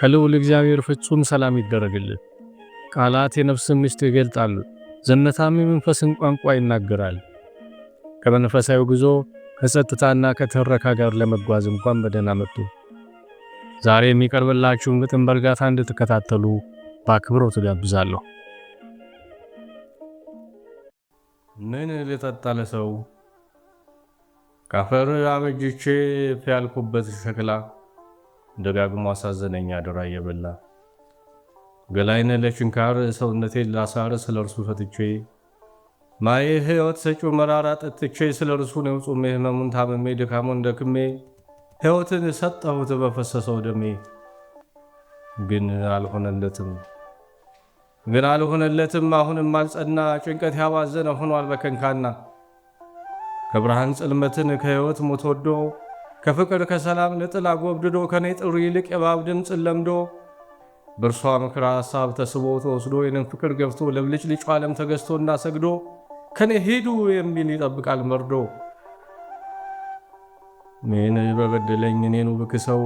ከልዑል እግዚአብሔር ፍጹም ሰላም ይደረግልን። ቃላት የነፍስን ምስጢር ይገልጣሉ፣ ዘነታም የመንፈስን ቋንቋ ይናገራል። ከመንፈሳዊ ጉዞ ከጸጥታና ከተረካ ጋር ለመጓዝ እንኳን በደህና መጡ። ዛሬ የሚቀርብላችሁን ግጥም በእርጋታ እንድትከታተሉ በአክብሮት ጋብዛለሁ። ምን የጠጣለ ሰው ካፈር አበጅቼ ፊያልኩበት ሸክላ ደጋግሞ አሳዘነኝ አደራ እየበላ ገላይነ ለችንካር ሰውነቴ ላሳር ስለ እርሱ ፈትቼ ማየ ሕይወት ሰጪው መራራ ጠጥቼ ስለ እርሱ ነው ጹሜ ህመሙን ታመሜ ድካሙን ደክሜ ሕይወትን ሰጠሁት በፈሰሰው ደሜ ግን አልሆነለትም። ግን አልሆነለትም። አሁንም አልጸና፣ ጭንቀት ያባዘነ ሆኗል በከንካና ከብርሃን ጽልመትን ከሕይወት ሞት ወዶ ከፍቅር ከሰላም ንጥል አጎብድዶ ከኔ ጥሪ ይልቅ የእባብ ድምፅን ለምዶ በእርሷ ምክር ሐሳብ ተስቦ ተወስዶ የኔን ፍቅር ገብቶ ለብልጭ ልጩ ዓለም ተገዝቶ እና ሰግዶ ከኔ ሂዱ የሚል ይጠብቃል መርዶ ሜን በበደለኝ እኔኑ ብክሰው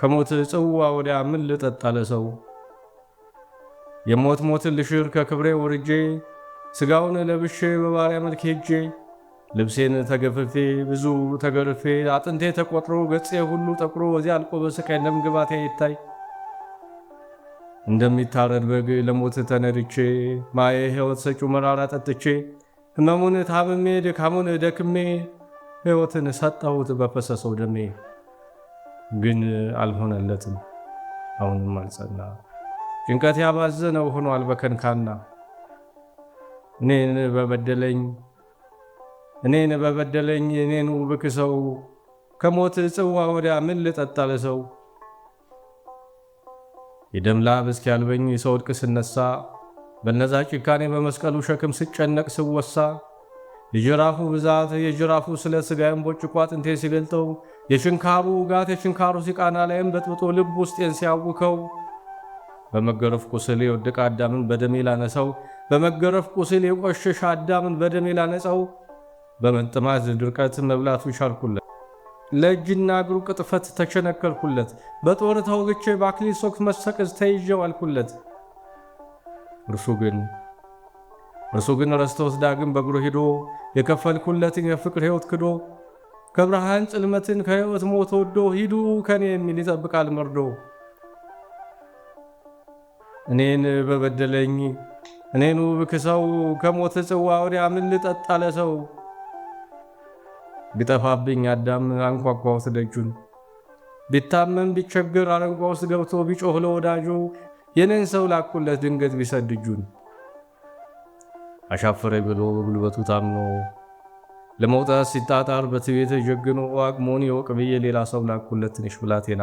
ከሞት ጽዋ ወዲያ ምን ልጠጣለ ሰው የሞት ሞትን ልሽር ከክብሬ ወርጄ ሥጋውን ለብሼ በባሪያ መልክ ሄጄ ልብሴን ተገፍፌ ብዙ ተገርፌ አጥንቴ ተቆጥሮ ገጼ ሁሉ ጠቁሮ ወዚያ አልቆ በስቃይ ደም ይታይ እንደሚታረድ በግ ለሞት ተነድቼ ማየ ሕይወት ሰጩ መራራ ጠጥቼ ሕመሙን ታምሜ ድካሙን ደክሜ ሕይወትን ሰጠሁት በፈሰሰው ደሜ። ግን አልሆነለትም፣ አሁንም አልጸና ጭንቀት ያባዘነው ሆኗል በከንካና እኔን በበደለኝ እኔን በበደለኝ እኔን ውብክ ሰው ከሞት ጽዋ ወዲያ ምን ልጠጣለ ሰው የደም ላብ እስኪያልበኝ ሰውድቅ ስነሳ በነዛ ጭካኔ በመስቀሉ ሸክም ስጨነቅ ስወሳ የጅራፉ ብዛት የጅራፉ ስለ ስጋይም ቦጭቋ አጥንቴ ሲገልጠው የሽንካሩ ውጋት የሽንካሩ ሲቃና ላይም በጥብጦ ልብ ውስጤን ሲያውከው በመገረፍ ቁስል የወደቀ አዳምን በደሜ ላነሳው፣ በመገረፍ ቁስል የቆሸሽ አዳምን በደሜ ላነጻው፣ በመንጥማዝ ድርቀት መብላቱ ይሻልኩለት፣ ለእጅና እግሩ ቅጥፈት ተሸነከልኩለት በጦር ተወግቼ በአክሊል ሶክ መሰቀዝ ተይዤው አልኩለት። እርሱ ግን እርሱ ግን ረስቶት ዳግም በእግሩ ሄዶ የከፈልኩለትን የፍቅር ሕይወት ክዶ ከብርሃን ጽልመትን ከሕይወት ሞት ወዶ ሂዱ ከኔ የሚል ይጠብቃል መርዶ እኔን በበደለኝ ውብ ብክሰው ከሞት ጽዋ ወዲያ ምን ልጠጣ ለሰው? ቢጠፋብኝ አዳም አንኳኳሁት ደጁን፣ ቢታመም ቢቸግር አረንጓ ውስጥ ገብቶ ቢጮህ ለወዳጁ የኔን ሰው ላኩለት ድንገት ቢሰድ እጁን። አሻፈረ ብሎ በጉልበቱ ታምኖ ለመውጣት ሲጣጣር በትቤት ጀግኖ አቅሞን የወቅ ብዬ ሌላ ሰው ላኩለት ትንሽ ብላቴና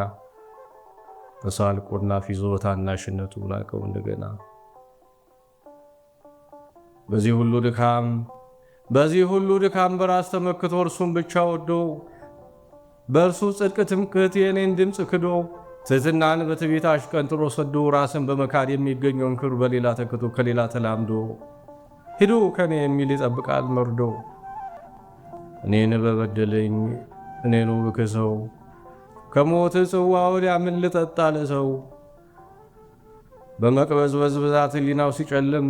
በሳልቆና ፊዞ ታናሽነቱ ላቀው እንደገና በዚህ ሁሉ ድካም በዚህ ሁሉ ድካም በራስ ተመክቶ እርሱን ብቻ ወዶ በእርሱ ጽድቅ ትምክህት የእኔን ድምፅ ክዶ ትሕትናን በትዕቢት አሽቀንጥሮ ሰዶ ራስን በመካድ የሚገኘውን ክብር በሌላ ተክቶ ከሌላ ተላምዶ ሂዱ ከኔ የሚል ይጠብቃል መርዶ እኔን በበደለኝ እኔኑ ብክሰው ከሞት ጽዋ ወዲያ ምን ልጠጣ ለሰው? በመቅበዝበዝ ብዛት ሕሊናው ሲጨልም፣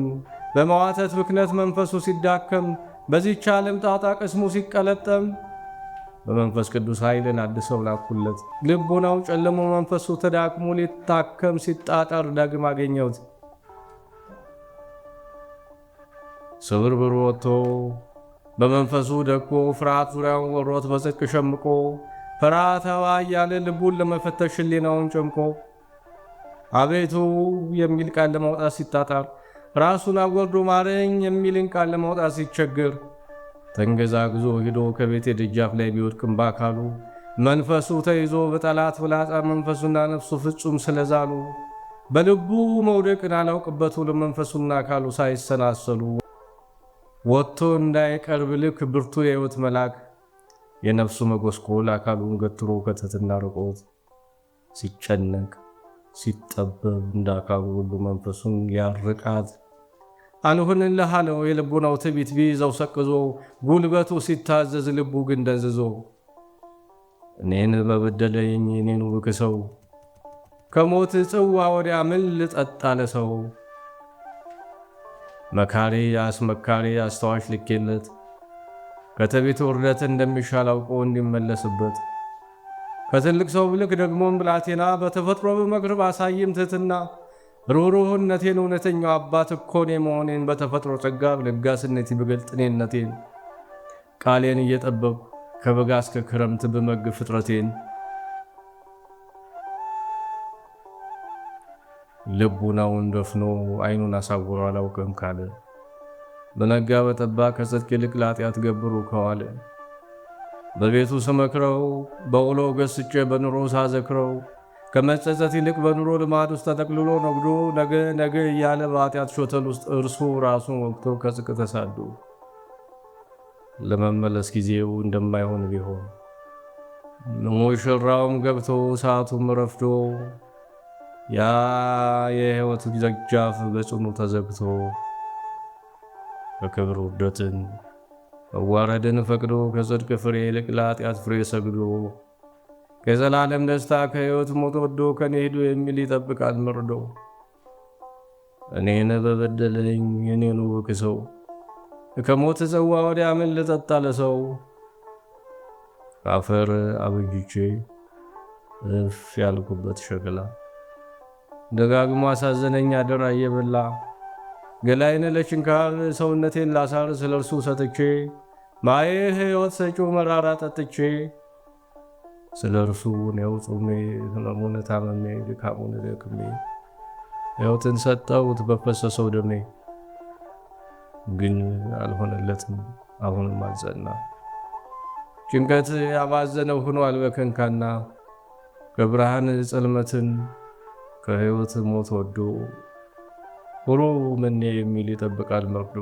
በመዋተት ብክነት መንፈሱ ሲዳከም፣ በዚህች ዓለም ጣጣ ቅስሙ ሲቀለጠም በመንፈስ ቅዱስ ኃይልን አድሰው ላኩለት። ልቡናው ጨለሞ መንፈሱ ተዳክሞ ሊታከም ሲጣጣር ዳግም አገኘውት! ስብርብር ወጥቶ በመንፈሱ ደክሞ ፍርሃት ዙሪያውን ወሮት በጽድቅ ሸምቆ ፈራተዋ እያለ ልቡን ለመፈተሽ ሕሊናውን ጨምቆ አቤቱ የሚል ቃል ለማውጣት ሲጣጣር፣ ራሱን አጎርዶ ማረኝ የሚልን ቃል ለማውጣት ሲቸግር፣ ተንገዛግዞ ሂዶ ከቤቴ ደጃፍ ላይ ቢወድቅም በአካሉ መንፈሱ ተይዞ በጠላት ፍላጻ መንፈሱና ነፍሱ ፍጹም ስለዛሉ በልቡ መውደቅን አላውቅበቱ ለመንፈሱና አካሉ ሳይሰናሰሉ ወጥቶ እንዳይቀርብ ልክ ብርቱ የሕይወት መልአክ የነፍሱ መጎስቆል አካሉን ገትሮ ከተትና ርቆት ሲጨነቅ ሲጠበብ እንደ አካሉ ሁሉ መንፈሱን ያርቃት። አልሆንልህ አለው። የልቡናው ትቢት ቢይዘው ሰቅዞ ጉልበቱ ሲታዘዝ ልቡ ግን ደንዝዞ እኔን በበደለኝ እኔን ውክ ሰው ከሞት ጽዋ ወዲያ ምን ልጠጣ ለሰው መካሪ አስመካሪ አስታዋሽ ልኬለት ከተቤት ውርደት እንደሚሻል አውቆ እንዲመለስበት ከትልቅ ሰው ብልክ ደግሞም ብላቴና በተፈጥሮ በመክር ባሳይም ትትና ሩሩህነቴን እውነተኛው አባት እኮኔ መሆኔን በተፈጥሮ ጸጋ ልጋስነቴ ብገልጥ እኔነቴን ቃሌን እየጠበቅ ከበጋ እስከ ክረምት ብመግብ ፍጥረቴን ልቡናውን ደፍኖ አይኑን አሳውሮ አላውቅም ካለ በነጋ በጠባ ከጽድቅ ይልቅ ለኃጢአት ገብሩ ከዋለ በቤቱ ስመክረው በውሎ ገስጬ በኑሮ ሳዘክረው ከመጸጸት ይልቅ በኑሮ ልማድ ውስጥ ተጠቅልሎ ነግዶ ነገ ነገ እያለ በኃጢአት ሾተል ውስጥ እርሱ ራሱን ወቅቶ ከጽድቅ ተሳዱ ለመመለስ ጊዜው እንደማይሆን ቢሆን ሙሽራውም ገብቶ ሰዓቱም ረፍዶ ያ የህይወት ደጃፍ በጽኑ ተዘግቶ በክብር ውርደትን መዋረድን ፈቅዶ ከጽድቅ ፍሬ ይልቅ ለኃጢአት ፍሬ ሰግዶ ከዘላለም ደስታ ከሕይወት ሞት ወዶ ከኔ ሄዶ የሚል ይጠብቃል መርዶ። እኔን በበደለኝ የኔን ውክ ሰው ከሞት ጽዋ ወዲያ ምን ልጠጣ ለሰው ከአፈር አበጅቼ እፍ ያልኩበት ሸክላ ደጋግሞ አሳዘነኝ አደራ እየበላ ገላይን ለችንካል ሰውነቴን ላሳር ስለ እርሱ ሰጥቼ ማየ ሕይወት ሰጪው መራራ ጠጥቼ ስለ እርሱ ነው ጾሜ ሕመሙን ታመሜ ድካሙን ደክሜ ሕይወትን ሰጠሁት በፈሰሰው ደሜ ግን አልሆነለትም አሁንም አልጸና ጭንቀት ያማዘነው ሆኗል በከንካና ከብርሃን ጸልመትን ከሕይወት ሞት ወዶ ሆሮ መኔ የሚል ይጠብቃል መርዶ